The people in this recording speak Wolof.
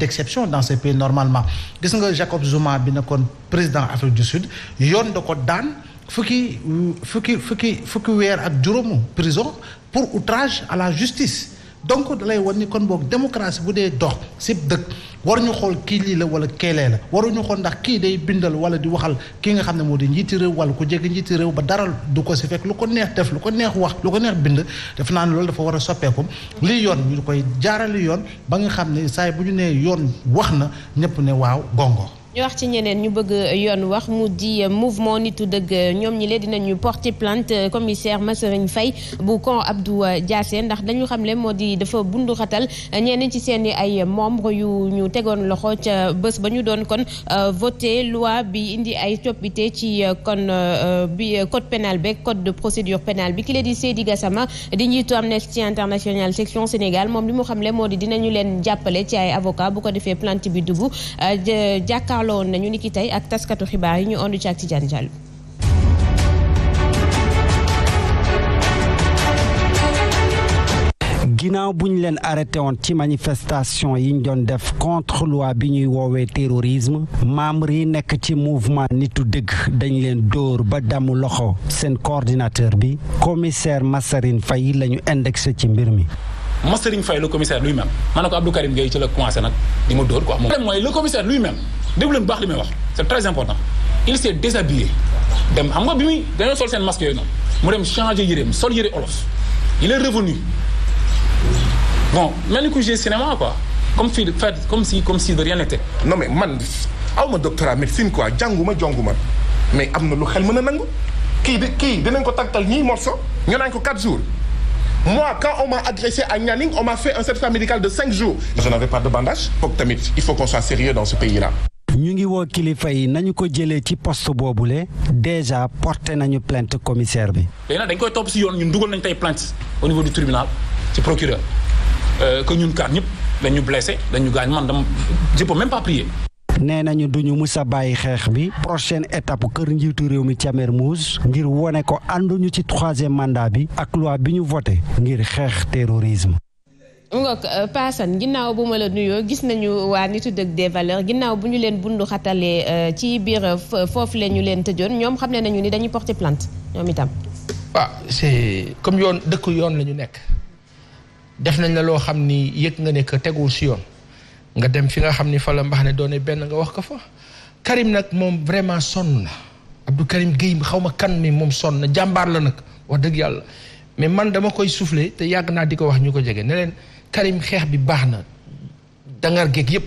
d'exception dans ces pays normalement gis nga Jacob Zuma bi nekkoon président Afrique du Sud yoon da ko daan fukki fukki fukki fukki weer ak juróomu prison pour outrage à la justice donc dalay wan ni kon boog démocratie bu dee dox si dëkk war ñu xool kii lii la wala keelee la ñu xool ndax kii day bindal wala di waxal ki nga xam ne moo di njiiti réew wala ku jege njiiti réew ba daral du ko si fekk lu ko neex def lu ko neex wax lu ko neex bind def naa ne loolu dafa war a soppeeku lii yoon ñu koy jaarale yoon ba nga xam ne saay bu ñu nee yoon wax na ñëpp ne waaw gongo ñu wax ci ñeneen ñu bëgg yoon wax mu di mouvement nitu dëgg ñoom ñi lee dinañu porter plainte euh, commissaire Masserigne Faye bu camp Abdou euh, Diassé ndax dañu xam le moo di dafa bundu xatal euh, ñeneen ci seen ay membre yu ñu tegoon loxo ca bés ba ñu doon kon voté loi bi indi ay coppite ci kon bi code pénal bi code de procédure pénale bi ki lee di Seydi Gassama di njiitu Amnesty International section Sénégal moom li mu xam le moo di dinañu leen jàppale ci ay avocat bu ko defee plainte bi jàkkaarloo woon nañu niki tey ak taskatu xibaar yi ñu ondu ci ak Tidiane Diallo leen arrêté woon ci manifestation yi ñu doon def contre bi ñuy woowee terrorisme membre yi nekk ci mouvement nitu dégg dañ leen dóor ba damu loxo seen coordinateur bi commissaire Massarine Faye la ñu indexé ci mbir mi ma Serigne Faye le commissaire lui-même ma ne ko Abdou Karim Gueye ci la commencé nag di ma dóor quoi. problème mooy le commissaire lui-même déglu baax li may wax c'est très important il s'est déshabillé dem xam nga bi muy dañoo sol seen masque yooyu noonu mu dem changer yëreem sol yëre olof il est revenu bon mel ni ku jee cinéma quoi comme fii comme si comme si de rien n'était. non mais man aw ma doctorat médecine quoi jànguma jonguma mais am na lu xel mën a nangu kii di kii dinañ ko tàgtal ñii morso ñu naan ko 4 jours. mois quand on m'a adressé à Nianing on m'a fait un certificat médical de jours je n'avais pas de bandage foog tamit il faut qu'on soit sérieux dans ce pays-là ñu ngi woo kilifa yi nañu ko jëlee ci poste boobule déjà porté nañu plainte commissaire bi léegi nag dañ koy topp si yoon ñun dugal nañ tey plainte au niveau du tribunal ci procureur euh, que ñun kaar ñëpp dañu blessé dañu gaañ man dama je peux même pas prier nee nañu duñu mus a bàyyi xeex bi prochaine étape kër njiitu réew mi ca Mermoz ngir wone ko ànduñu ci troisième mandat bi ak loi bi ñu voté ngir xeex terrorisme. ngok euh, paasan ginnaaw bu ma la nuyoo gis nañu waa nitu dëgg des ginnaaw bu ñu leen bundu xatalee euh, ci biir euh, foofu la ñu leen tëjoon ñoom xam ne nañu ni dañuy porter plainte ñoom itam. waaw c'est comme yoon dëkk yoon la nekk def nañ la loo xam ni yëg nga nekk que tegul si yoon. nga dem fi nga xam ni fa la mbax ne doone benn nga wax ko fa Karim nag moom vraiment sonn na Abdou Karim Guèye xaw ma kan mi moom sonn na jàmbaar la nag wax dëgg yàlla mais man dama koy soufflé te yàgg naa di ko wax ñu ko jege neleen leen Karim xeex bi baax na dangar géeg yëpp